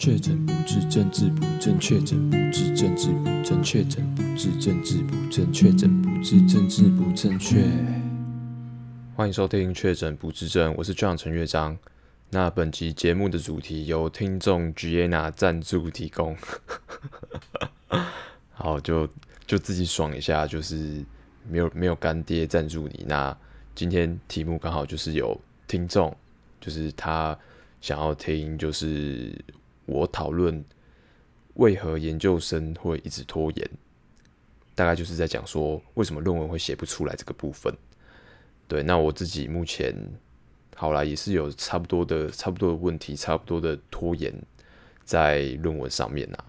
確診不治，政治不正確；確診不治，政治不正確；確診不治，政治不正確；確診不治，政治不正確。確正確歡迎收聽《確診不治症》，我是 John 陳樂章。那本集節目的主題由聽眾 Gianna 贊助提供， 好，就就自己爽一下，就是沒有沒有乾爹贊助你。那今天題目剛好就是有聽眾，就是他想要聽，就是。我討論為何研究生會一直拖延，大概就是在講說為什麼論文會寫不出來這個部分。對，那我自己目前好啦，也是有差不多的，差不多的問題，差不多的拖延在論文上面吶、啊。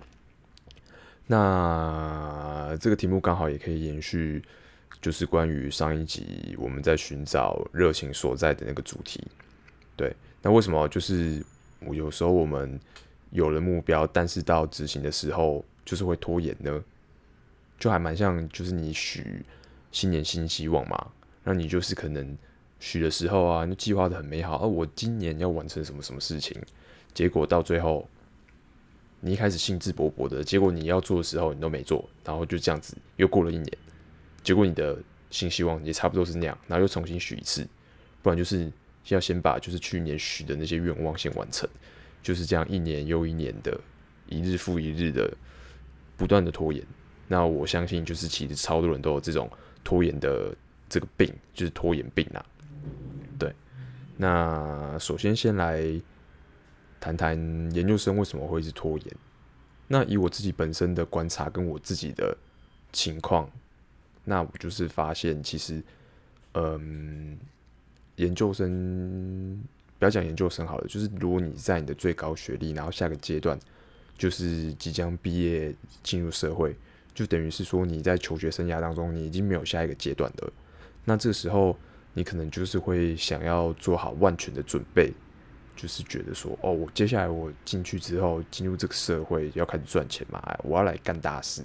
那這個題目剛好也可以延續，就是關於上一集我們在尋找熱情所在的那個主題。對，那為什麼就是我有時候我們有了目標，但是到執行的時候就是會拖延呢？就還蠻像就是你許新年新希望嘛，那你就是可能許的時候啊，你計劃得很美好，而、啊、我今年要完成什麼什麼事情，結果到最後你一開始興致勃勃的，結果你要做的時候你都沒做，然後就這樣子又過了一年，結果你的新希望也差不多是那樣，然後又重新許一次，不然就是要先把就是去年許的那些願望先完成。就是這樣，一年又一年的，一日復一日的，不斷的拖延。那我相信，就是其實超多人都有這種拖延的這個病，就是拖延病啦、啊。對，那首先先來談談研究生為什麼會一直拖延。那以我自己本身的觀察跟我自己的情況，那我就是發現，其實，嗯，研究生。不要講研究生好了，就是如果你在你的最高學歷，然後下個階段就是即將畢業進入社會，就等於是說你在求學生涯當中，你已經沒有下一個階段了。那這個時候你可能就是會想要做好萬全的準備，就是覺得說，哦，我接下來我進去之後進入這個社會要開始賺錢嘛，我要來幹大事。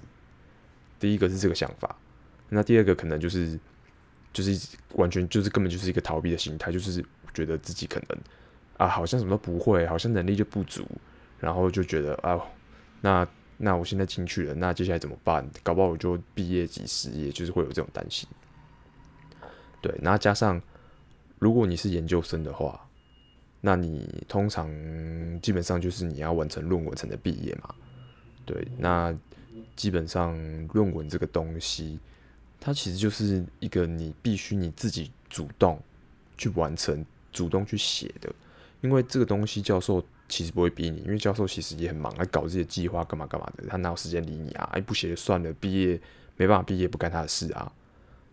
第一個是這個想法，那第二個可能就是。就是完全就是根本就是一個逃避的心態，就是覺得自己可能啊，好像什麼都不會，好像能力就不足，然後就覺得啊，那那我現在進去了，那接下來怎麼辦？搞不好我就畢業即失業，就是會有這種擔心。對，那加上如果你是研究生的話，那你通常基本上就是你要完成論文才能畢業嘛。對，那基本上論文這個東西。它其實就是一個你必須你自己主動去完成、主動去寫的，因為這個東西教授其實不會逼你，因為教授其實也很忙，他搞自己的計劃幹嘛幹嘛的，他哪有時間理你啊？哎、欸，不寫就算了，畢業沒辦法畢業，不幹他的事啊，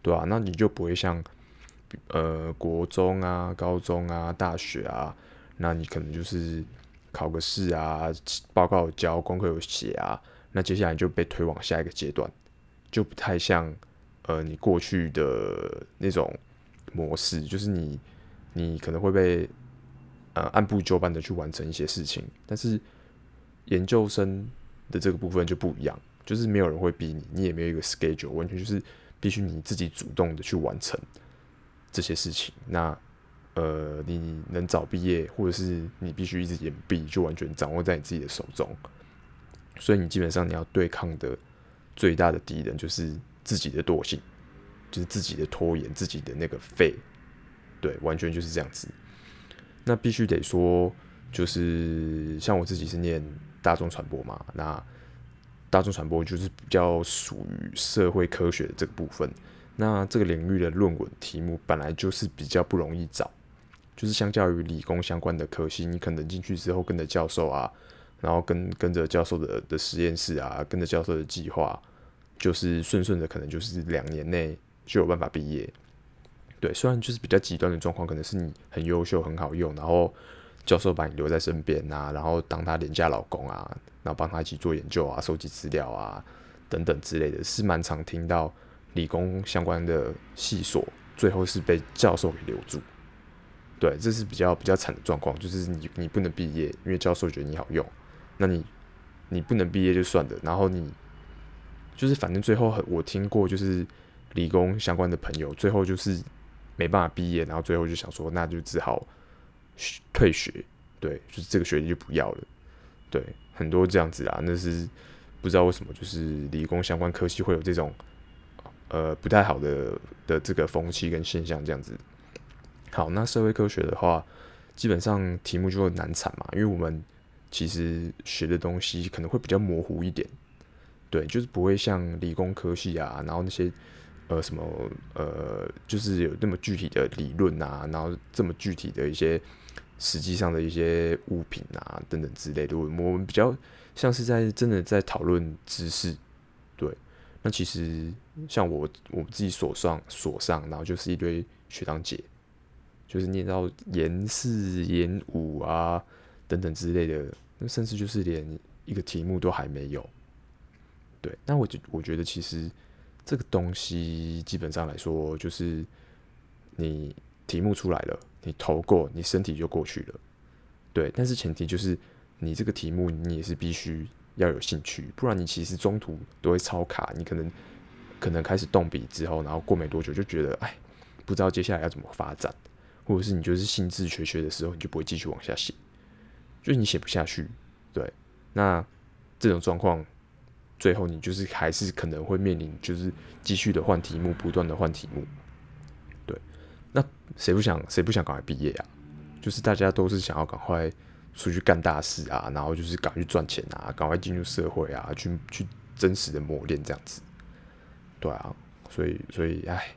對啊，那你就不會像呃國中啊、高中啊、大學啊，那你可能就是考個試啊、報告有交、功課有寫啊，那接下來你就被推往下一個階段，就不太像。呃，你過去的那種模式，就是你你可能會被呃按部就班的去完成一些事情，但是研究生的這個部分就不一樣，就是沒有人會逼你，你也沒有一個 schedule，完全就是必須你自己主動的去完成這些事情。那呃，你能早畢業，或者是你必須一直延畢，就完全掌握在你自己的手中。所以你基本上你要對抗的最大的敵人就是。自己的惰性，就是自己的拖延，自己的那個廢，對，完全就是這樣子。那必須得說，就是像我自己是念大眾傳播嘛，那大眾傳播就是比較屬於社會科學的這個部分。那這個領域的論文題目本來就是比較不容易找，就是相較於理工相關的科系，你可能進去之後跟着教授啊，然後跟跟着教授的的實驗室啊，跟着教授的計劃。就是順順的，可能就是兩年內就有辦法畢業。對，雖然就是比較極端的狀況，可能是你很優秀、很好用，然後教授把你留在身邊啊，然後當他廉價勞工啊，然後幫他一起做研究啊、收集資料啊等等之類的，是蠻常聽到理工相關的系所最後是被教授給留住。對，這是比較比較慘的狀況，就是你你不能畢業，因為教授覺得你好用，那你你不能畢業就算了，然後你。就是反正最後我聽過，就是理工相關的朋友，最後就是沒辦法畢業，然後最後就想說，那就只好退學，對，就是這個學歷就不要了，對，很多這樣子啊，那是不知道為什麼，就是理工相關科系會有這種呃不太好的的這個風氣跟現象這樣子。好，那社會科學的話，基本上題目就很難產嘛，因為我們其實學的東西可能會比較模糊一點。對，就是不會像理工科系啊，然後那些呃什麼呃，就是有那麼具體的理論啊，然後這麼具體的一些實際上的一些物品啊等等之類的，我們比較像是在真的在討論知識。對，那其實像我我們自己所上所上，然後就是一堆學長姐，就是念到研四、研五啊等等之類的，那甚至就是連一個題目都還沒有。對，那我就我覺得其實這個東西基本上來說，就是你題目出來了，你頭過，你身體就過去了。對，但是前提就是你這個題目你也是必須要有興趣，不然你其實中途都會超卡，你可能可能開始動筆之後，然後過沒多久就覺得哎，不知道接下來要怎麼發展，或者是你就是興致缺缺的時候，你就不會繼續往下寫，就你寫不下去。對，那這種狀況。最後，你就是還是可能會面臨，就是繼續的換題目，不斷的換題目。對，那誰不想誰不想趕快畢業啊？就是大家都是想要趕快出去幹大事啊，然後就是趕快去賺錢啊，趕快進入社會啊，去去真實的磨練這樣子。對啊，所以所以哎，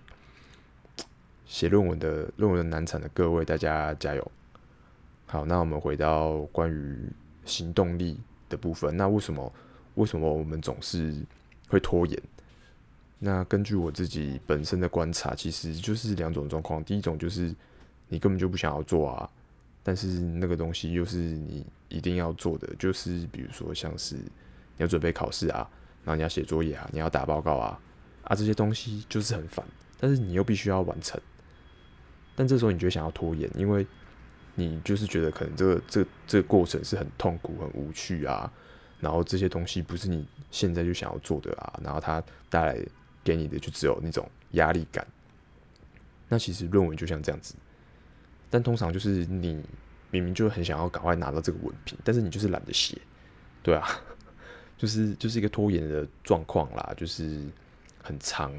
寫論文的論文的難產的各位大家加油。好，那我們回到關於行動力的部分，那為什麼？為什麼我們總是會拖延？那根據我自己本身的觀察，其實就是兩種狀況。第一種就是你根本就不想要做啊，但是那個東西又是你一定要做的，就是比如說像是你要準備考試啊，然後你要寫作業啊，你要打報告啊，啊，這些東西就是很煩，但是你又必須要完成。但這時候你就想要拖延，因為你就是覺得可能這個這個、這個過程是很痛苦、很無趣啊。然後這些東西不是你現在就想要做的啊，然後它帶來給你的就只有那種壓力感。那其實論文就像這樣子，但通常就是你明明就很想要趕快拿到這個文憑，但是你就是懶得寫，對啊，就是就是一個拖延的狀況啦，就是很長。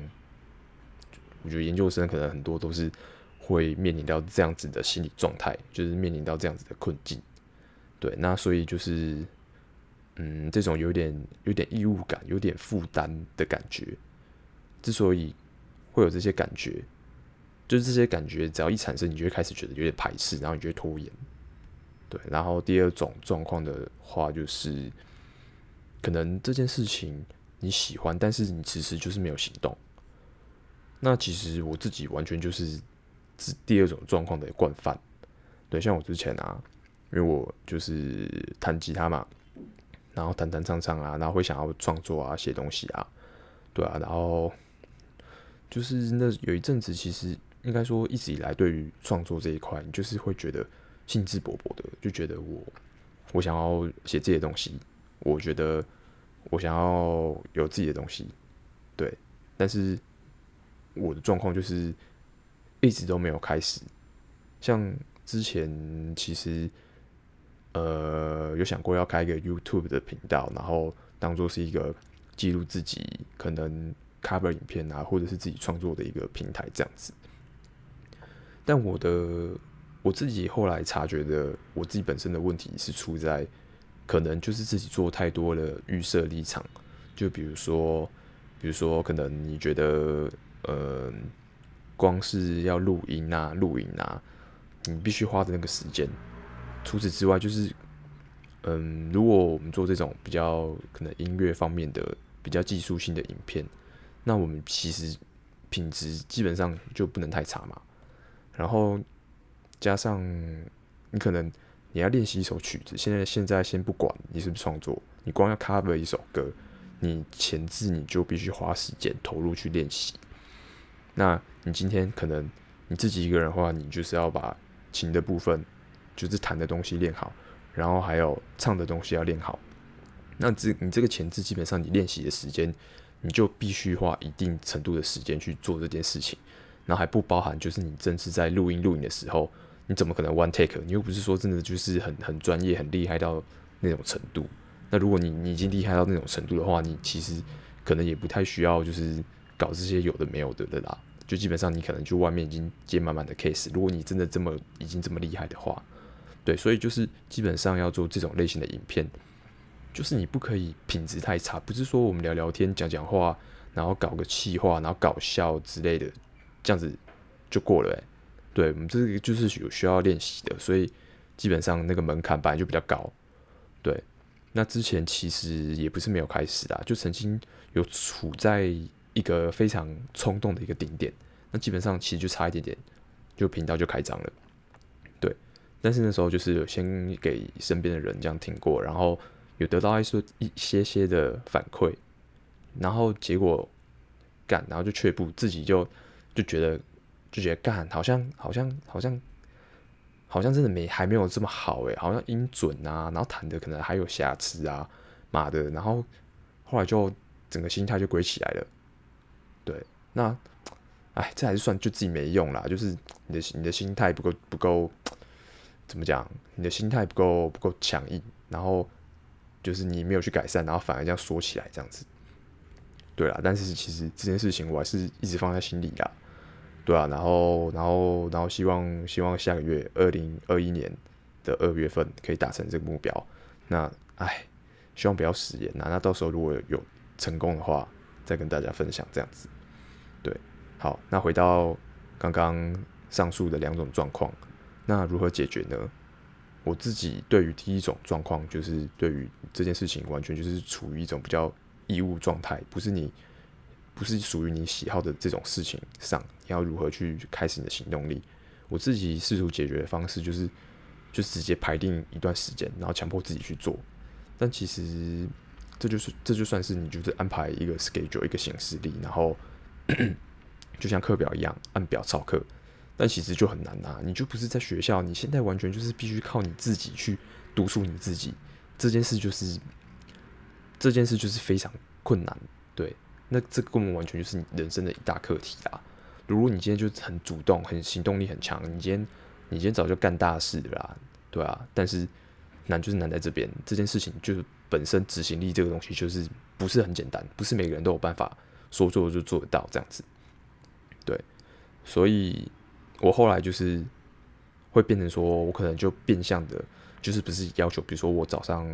我覺得研究生可能很多都是會面臨到這樣子的心理狀態，就是面臨到這樣子的困境。對，那所以就是。嗯，這種有點有點義務感，有點負擔的感覺。之所以會有這些感覺，就是這些感覺只要一產生，你就會開始覺得有點排斥，然後你就會拖延。對，然後第二種狀況的話，就是可能這件事情你喜歡，但是你其實就是沒有行動。那其實我自己完全就是第二種狀況的慣犯。對，像我之前啊，因為我就是彈吉他嘛。然後彈彈唱唱啊，然後會想要創作啊，寫東西啊，對啊，然後就是那有一陣子，其實應該說一直以來，對於創作這一塊，你就是會覺得興致勃勃的，就覺得我我想要寫這些東西，我覺得我想要有自己的東西，對，但是我的狀況就是一直都沒有開始，像之前其實。呃，有想過要開一個 YouTube 的頻道，然後當做是一個記錄自己可能 cover 影片啊，或者是自己創作的一個平台這樣子。但我的我自己後來察覺的，我自己本身的問題是出在可能就是自己做太多了預設立場，就比如說，比如說可能你覺得，呃，光是要錄音啊、錄影啊，你必須花的那個時間。除此之外，就是，嗯，如果我們做這種比較可能音樂方面的比較技術性的影片，那我們其實品質基本上就不能太差嘛。然後加上你可能你要練習一首曲子，現在現在先不管你是不是創作，你光要 cover 一首歌，你前置你就必須花時間投入去練習。那你今天可能你自己一個人的話，你就是要把琴的部分。就是彈的東西練好，然後還有唱的東西要練好。那這你這個前置，基本上你練習的時間，你就必須花一定程度的時間去做這件事情。那還不包含就是你真是在錄音錄影的時候，你怎麼可能 one take？你又不是說真的就是很很專業、很厲害到那種程度。那如果你你已經厲害到那種程度的話，你其實可能也不太需要就是搞這些有的沒有的的啦。就基本上你可能就外面已經接滿滿的 case。如果你真的這麼已經這麼厲害的話，對，所以就是基本上要做這種類型的影片，就是你不可以品質太差，不是說我們聊聊天、講講話，然後搞個企劃，然後搞笑之類的，這樣子就過了。對，我們這個就是有需要練習的，所以基本上那個門檻本來就比較高。對，那之前其實也不是沒有開始啦，就曾經有處在一個非常衝動的一個頂點，那基本上其實就差一點點，就頻道就開張了。但是那時候就是有先給身邊的人這樣聽過，然後有得到一些一些些的反饋，然後結果幹，然後就卻步，自己就就覺得就覺得幹，好像好像好像好像真的沒還沒有這麼好誒，好像音準啊，然後彈的可能還有瑕疵啊，媽的，然後後來就整個心態就歸起來了。對，那哎，這還是算就自己沒用啦，就是你的你的心態不夠不夠。怎麼講？你的心態不夠不夠強硬，然後就是你沒有去改善，然後反而這樣說起來這樣子，對啦。但是其實這件事情我還是一直放在心裡的，對啊。然後然後然後希望希望下個月二零二一年的二月份可以達成這個目標。那唉，希望不要食言啦，那到時候如果有，有成功的話，再跟大家分享這樣子。對，好。那回到剛剛上述的兩種狀況。那如何解決呢？我自己對於第一種狀況，就是對於這件事情完全就是處於一種比較義務狀態，不是你不是屬於你喜好的這種事情上，你要如何去開始你的行動力？我自己試圖解決的方式就是，就直接排定一段時間，然後強迫自己去做。但其實這就是這就算是你就是安排一個 schedule 一個行事曆，然後 就像課表一樣按表操課。但其實就很難啦，你就不是在學校，你現在完全就是必須靠你自己去督促你自己。這件事就是，這件事就是非常困難。對，那這個我們完全就是你人生的一大課題啦。如果你今天就很主動，很行動力很強，你今天你今天早就幹大事啦，對啊。但是難就是難在這邊，這件事情就是本身執行力這個東西就是不是很簡單，不是每個人都有辦法說做就做得到這樣子。對，所以。我後來就是會變成說，我可能就變相的，就是不是要求，比如說我早上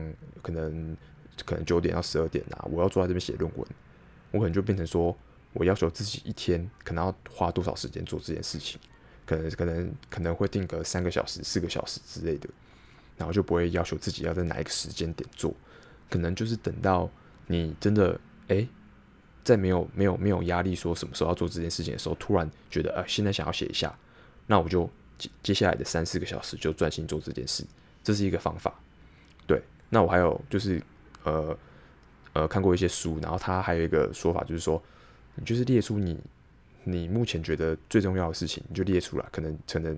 可能可能九點到十二點吶、啊，我要坐在這邊寫論文，我可能就變成說我要求自己一天可能要花多少時間做這件事情，可能可能可能會定個三個小時、四個小時之類的，然後就不會要求自己要在哪一個時間點做，可能就是等到你真的哎、欸，在沒有沒有沒有壓力說什麼時候要做這件事情的時候，突然覺得啊、呃，現在想要寫一下。那我就接接下來的三四個小時就專心做這件事，這是一個方法。對，那我還有就是，呃呃，看過一些書，然後他還有一個說法就是說，你就是列出你你目前覺得最重要的事情，你就列出來，可能可能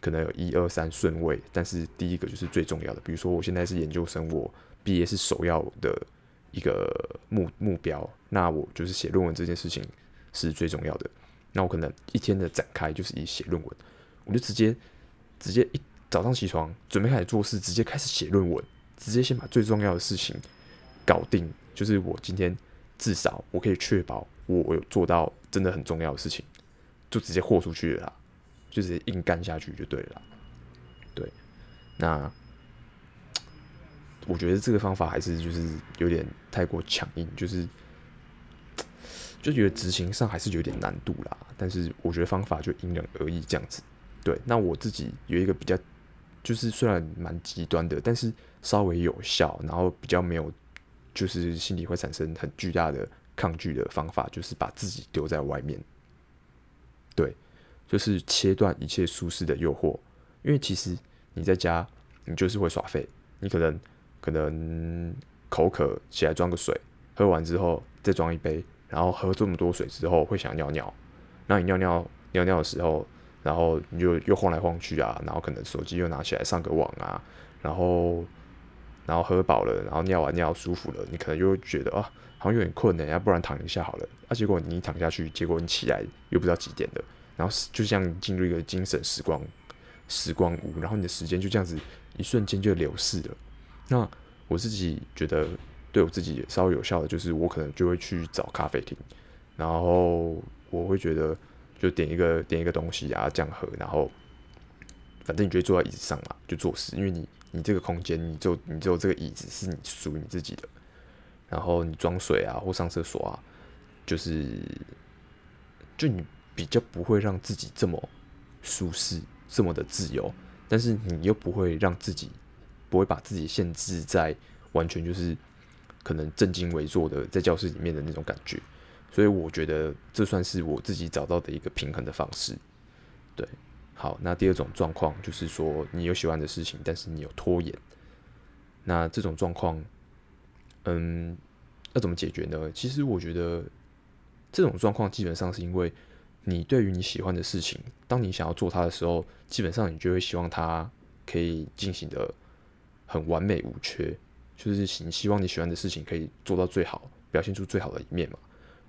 可能有一二三順位，但是第一個就是最重要的。比如說我現在是研究生，我畢業是首要的一個目目標，那我就是寫論文這件事情是最重要的。那我可能一天的展開就是以寫論文，我就直接直接一早上起床準備開始做事，直接開始寫論文，直接先把最重要的事情搞定，就是我今天至少我可以確保我有做到真的很重要的事情，就直接豁出去了啦，就直接硬幹下去就對了啦。對，那我覺得這個方法還是就是有點太過強硬，就是。就覺得執行上還是有點難度啦，但是我覺得方法就因人而異這樣子。對，那我自己有一個比較，就是雖然蠻極端的，但是稍微有效，然後比較沒有就是心裡會產生很巨大的抗拒的方法，就是把自己丟在外面，對，就是切斷一切舒適的誘惑。因為其實你在家，你就是會耍廢，你可能可能口渴起來裝個水，喝完之後再裝一杯，然後喝這麼多水之後會想尿尿，那你尿尿尿尿的時候，然後你就又晃來晃去啊，然後可能手機又拿起來上個網啊，然後然後喝飽了，然後尿完尿舒服了，你可能就會覺得啊，好像有點困了，要不然躺一下好了。啊，結果你一躺下去，結果你起來又不知道幾點了，然後就像進入一個精神時光時光屋，然後你的時間就這樣子一瞬間就流逝了。那我自己覺得。對我自己也稍微有效的就是，我可能就會去找咖啡廳，然後我會覺得就點一個點一個東西啊，這樣喝。然後反正你覺得坐在椅子上嘛，就做事，因為你你這個空間，你就你只有這個椅子是你屬於你自己的。然後你裝水啊，或上廁所啊，就是就你比較不會讓自己這麼舒適，這麼的自由，但是你又不會讓自己不會把自己限制在完全就是。可能正襟危坐的在教室裡面的那種感覺，所以我覺得這算是我自己找到的一個平衡的方式。對，好，那第二種狀況就是說你有喜歡的事情，但是你有拖延。那這種狀況，嗯，要、啊、怎麼解決呢？其實我覺得這種狀況基本上是因為你對於你喜歡的事情，當你想要做它的時候，基本上你就會希望它可以進行得很完美無缺。就是希望你喜歡的事情可以做到最好，表現出最好的一面嘛。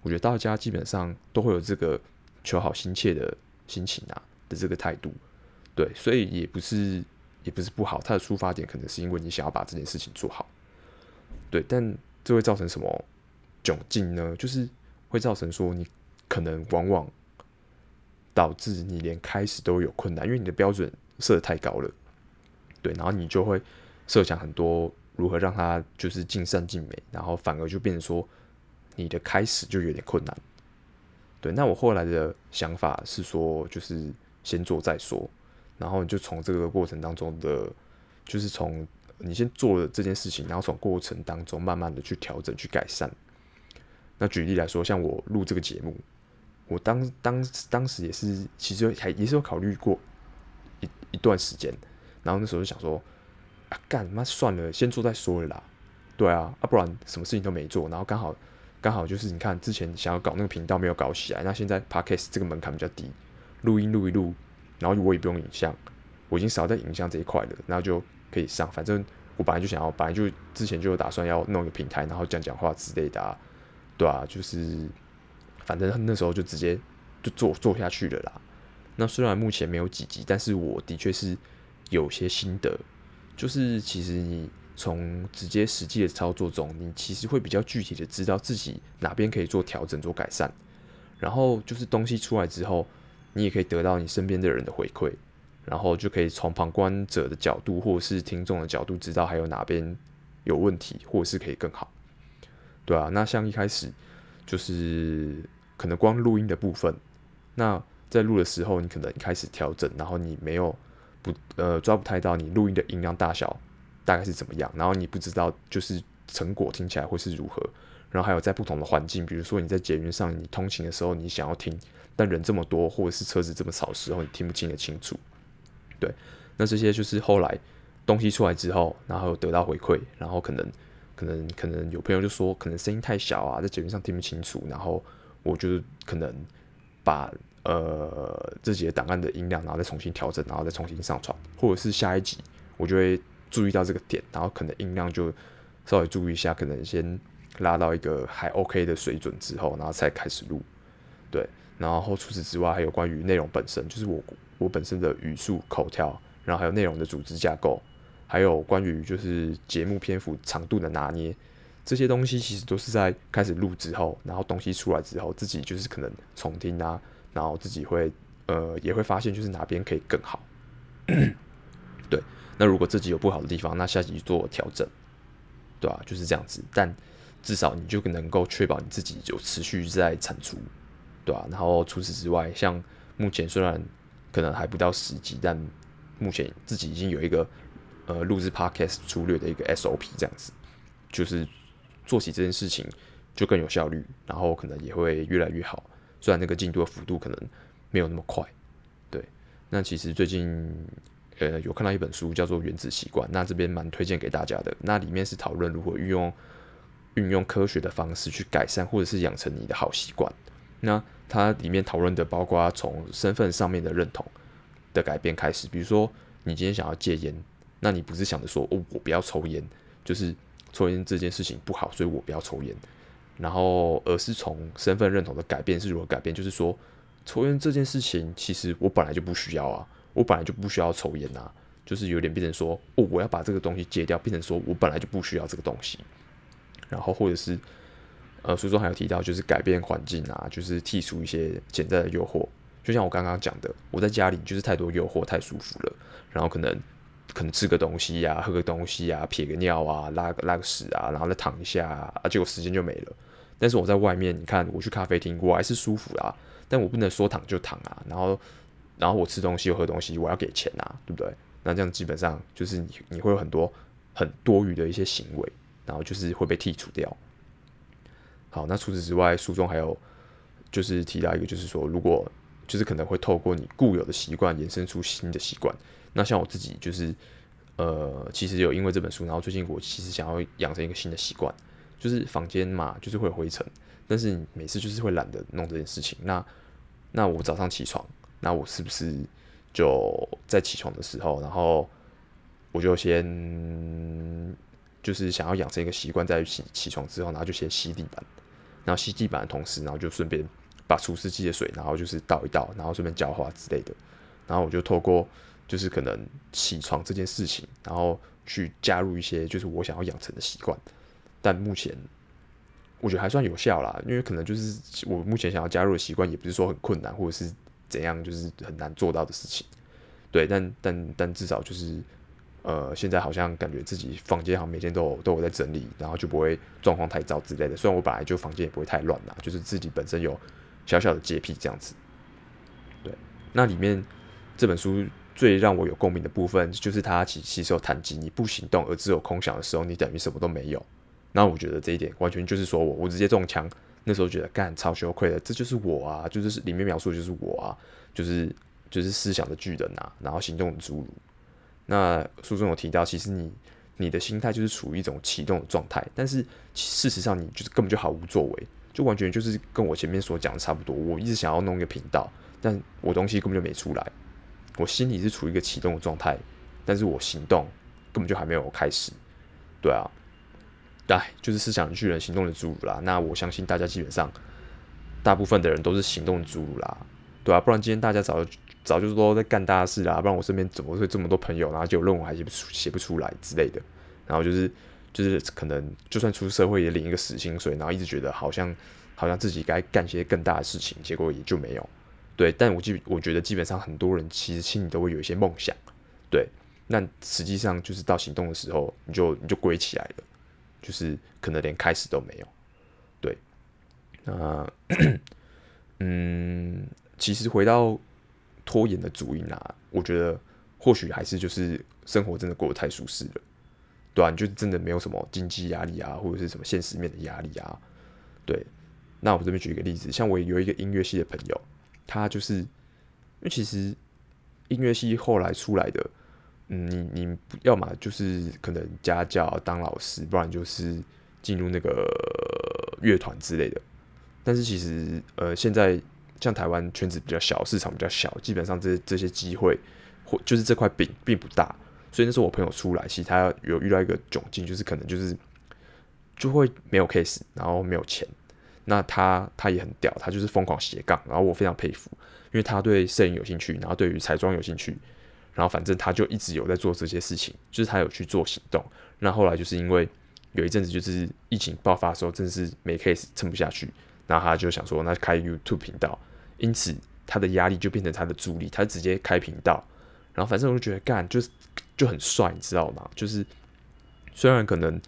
我覺得大家基本上都會有這個求好心切的心情啊的這個態度，對，所以也不是也不是不好，他的出發點可能是因為你想要把這件事情做好，對，但這會造成什麼窘境呢？就是會造成說你可能往往導致你連開始都有困難，因為你的標準設得太高了，對，然後你就會設想很多。如何讓它就是盡善盡美，然後反而就變成說你的開始就有點困難。對，那我後來的想法是說，就是先做再說，然後你就從這個過程當中的，就是從你先做了這件事情，然後從過程當中慢慢的去調整去改善。那舉例來說，像我錄這個節目，我當當當時也是，其實還也是有考慮過一一段時間，然後那時候就想說。啊，幹媽算了，先做再說了啦。對啊，啊不然什麼事情都沒做，然後剛好剛好就是你看之前想要搞那個頻道沒有搞起來，那現在 Podcast 這個門檻比較低，錄音錄一錄，然後我也不用影像，我已經少在影像這一塊了，然後就可以上。反正我本來就想要，本來就之前就有打算要弄一個平台，然後講講話之類的啊，對啊，就是反正那時候就直接就做做下去了啦。那雖然目前沒有幾集，但是我的確是有些心得。就是其實你從直接實際的操作中，你其實會比較具體的知道自己哪邊可以做調整、做改善。然後就是東西出來之後，你也可以得到你身邊的人的回饋，然後就可以從旁觀者的角度或者是聽眾的角度，知道還有哪邊有問題，或者是可以更好，對啊，那像一開始就是可能光錄音的部分，那在錄的時候，你可能一開始調整，然後你沒有。不呃，抓不太到你錄音的音量大小大概是怎麼樣，然後你不知道就是成果聽起來會是如何，然後還有在不同的環境，比如說你在捷運上，你通勤的時候，你想要聽，但人這麼多或者是車子這麼少，時候，你聽不清得清楚。對，那這些就是後來東西出來之後，然後得到回饋，然後可能可能可能有朋友就說可能聲音太小啊，在捷運上聽不清楚，然後我就可能把。呃，自己的檔案的音量，然後再重新調整，然後再重新上傳，或者是下一集，我就會注意到這個點，然後可能音量就稍微注意一下，可能先拉到一個還 OK 的水準之後，然後才開始錄。對，然後除此之外，還有關於內容本身，就是我我本身的語速、口條，然後還有內容的組織架構，還有關於就是節目篇幅長度的拿捏，這些東西其實都是在開始錄之後，然後東西出來之後，自己就是可能重聽啊。然後自己會，呃，也會發現就是哪邊可以更好， 對。那如果自己有不好的地方，那下集做調整，對吧、啊？就是這樣子。但至少你就能夠確保你自己有持續在產出，對吧、啊？然後除此之外，像目前雖然可能還不到十集，但目前自己已經有一個呃錄制 podcast 粗略的一個 SOP 這樣子，就是做起這件事情就更有效率，然後可能也會越來越好。雖然那個進度的幅度可能沒有那麼快，對。那其實最近呃有看到一本書叫做《原子習慣》，那這邊蠻推薦給大家的。那裡面是討論如何運用運用科學的方式去改善或者是養成你的好習慣。那它裡面討論的包括從身份上面的認同的改變開始，比如說你今天想要戒菸，那你不是想着說，哦，我不要抽菸，就是抽菸這件事情不好，所以我不要抽菸。然後，而是從身份認同的改變是如何改變，就是說，抽菸這件事情，其實我本來就不需要啊，我本來就不需要抽菸吶、啊，就是有點變成說，哦，我要把這個東西戒掉，變成說我本來就不需要這個東西。然後，或者是，呃，書中還有提到，就是改變環境啊，就是剔除一些潛在的誘惑。就像我剛剛講的，我在家裡就是太多誘惑，太舒服了，然後可能可能吃個東西啊，喝個東西啊，撇個尿啊，拉個拉個屎啊，然後再躺一下，啊，結果時間就沒了。但是我在外面，你看我去咖啡廳，我還是舒服啦。但我不能說躺就躺啊。然後，然後我吃東西又喝東西，我要給錢啊，對不對？那這樣基本上就是你你會有很多很多餘的一些行為，然後就是會被剔除掉。好，那除此之外，書中還有就是提到一個，就是說如果就是可能會透過你固有的習慣延伸出新的習慣。那像我自己就是呃，其實有因為這本書，然後最近我其實想要養成一個新的習慣。就是房間嘛，就是會有灰塵，但是你每次就是會懶得弄這件事情。那那我早上起床，那我是不是就在起床的時候，然後我就先就是想要養成一個習慣，在起起床之後，然後就先吸地板，然後吸地板的同時，然後就順便把除濕機的水，然後就是倒一倒，然後順便澆花之類的。然後我就透過就是可能起床這件事情，然後去加入一些就是我想要養成的習慣。但目前，我覺得還算有效啦，因為可能就是我目前想要加入的習慣，也不是說很困難，或者是怎樣，就是很難做到的事情。對，但但但至少就是，呃，現在好像感覺自己房間好像每天都有都有在整理，然後就不會狀況太糟之類的。雖然我本來就房間也不會太亂啦，就是自己本身有小小的潔癖這樣子。對，那裡面這本書最讓我有共鳴的部分，就是它其實是談及，你不行動而只有空想的時候，你等於什麼都沒有。那我覺得這一點完全就是說我，我直接中槍。那時候覺得幹，超羞愧的，這就是我啊，就是裡面描述的就是我啊，就是就是思想的巨人啊，然後行動的侏儒。那書中有提到，其實你你的心態就是處於一種啟動的狀態，但是事實上你就是根本就毫無作為，就完全就是跟我前面所講的差不多。我一直想要弄一個頻道，但我東西根本就沒出來。我心裡是處於一個啟動的狀態，但是我行動根本就還沒有開始。對啊。哎，就是思想的巨人，行動的侏儒啦。那我相信大家基本上，大部分的人都是行動的侏儒啦，對啊，不然今天大家早早就說都在幹大事啦，不然我身邊怎麼會這麼多朋友，然後就有論文還寫不寫不出來之類的。然後就是就是可能就算出社會也領一個死薪水，然後一直覺得好像好像自己該幹些更大的事情，結果也就沒有。對，但我基我覺得基本上很多人其實心裡都會有一些夢想，對。那實際上就是到行動的時候，你就你就歸起來了。就是可能連開始都沒有，對。那 嗯，其實回到拖延的主因啊，我覺得或許還是就是生活真的過得太舒適了，對啊，就是真的沒有什麼經濟壓力啊，或者是什麼現實面的壓力啊。對。那我這邊舉一個例子，像我有一個音樂系的朋友，他就是，因為其實音樂系後來出來的。嗯，你你要麼就是可能家教啊，當老師，不然就是進入那個樂團之類的。但是其實，呃，現在像台灣圈子比較小，市場比較小，基本上這這些機會或就是這塊餅並不大。所以那時候我朋友出來，其實他有遇到一個窘境，就是可能就是就會沒有 case，然後沒有錢。那他他也很屌，他就是瘋狂斜槓，然後我非常佩服，因為他對攝影有興趣，然後對於彩妝有興趣。然後反正他就一直有在做這些事情，就是他有去做行動。那後來就是因為有一陣子就是疫情爆發的時候，真的是沒 case 撐不下去，然後他就想說，那開 YouTube 頻道。因此他的壓力就變成他的助力，他直接開頻道。然後反正我就覺得幹，就是就很帥，你知道嗎？就是雖然可能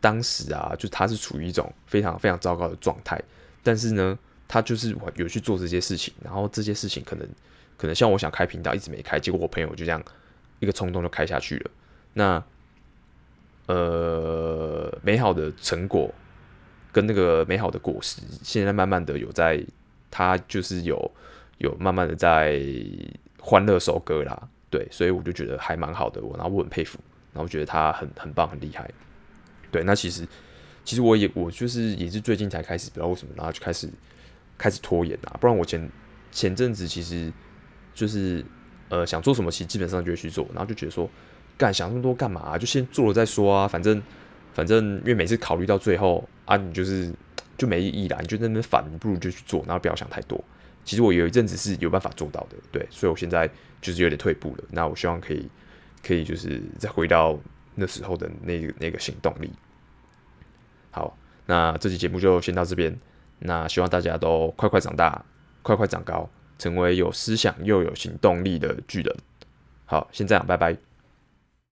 當時啊，就他是處於一種非常非常糟糕的狀態，但是呢，他就是有去做這些事情。然後這些事情可能。可能像我想開頻道，一直沒開，結果我朋友就這樣一個衝動就開下去了。那呃，美好的成果跟那個美好的果實，現在慢慢的有在，他就是有有慢慢的在歡樂收割啦，對，所以我就覺得還蠻好的，我然後我很佩服，然後我覺得他很很棒很厲害。對，那其實其實我也我就是也是最近才開始不知道為什麼，然後就開始開始拖延啦。不然我前前陣子其實。就是，呃，想做什麼，其實基本上就去做，然後就覺得說，幹想那麼多幹嘛啊？就先做了再說啊，反正，反正因為每次考慮到最後啊，你就是就沒意義啦，你就在那邊煩，你不如就去做，然後不要想太多。其實我有一陣子是有辦法做到的，對，所以我現在就是有點退步了。那我希望可以，可以就是再回到那時候的那個，那個行動力。好，那這期節目就先到這邊，那希望大家都快快長大，快快長高。成為有思想又有行動力的巨人。好，先這樣，拜拜。